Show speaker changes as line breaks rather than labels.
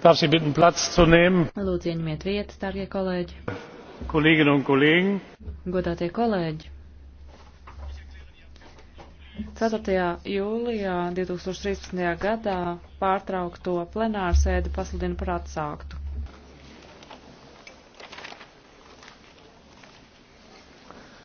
Darf Sie bitten, Platz zu nehmen?
Lūdzu, ieņemiet vietas, dārgie kolēģi.
Kolēģinnen un kolēģi.
Godātie kolēģi.
4. jūlijā 2013. gadā pārtraukto plenārsēdi pasludina par atsāktu.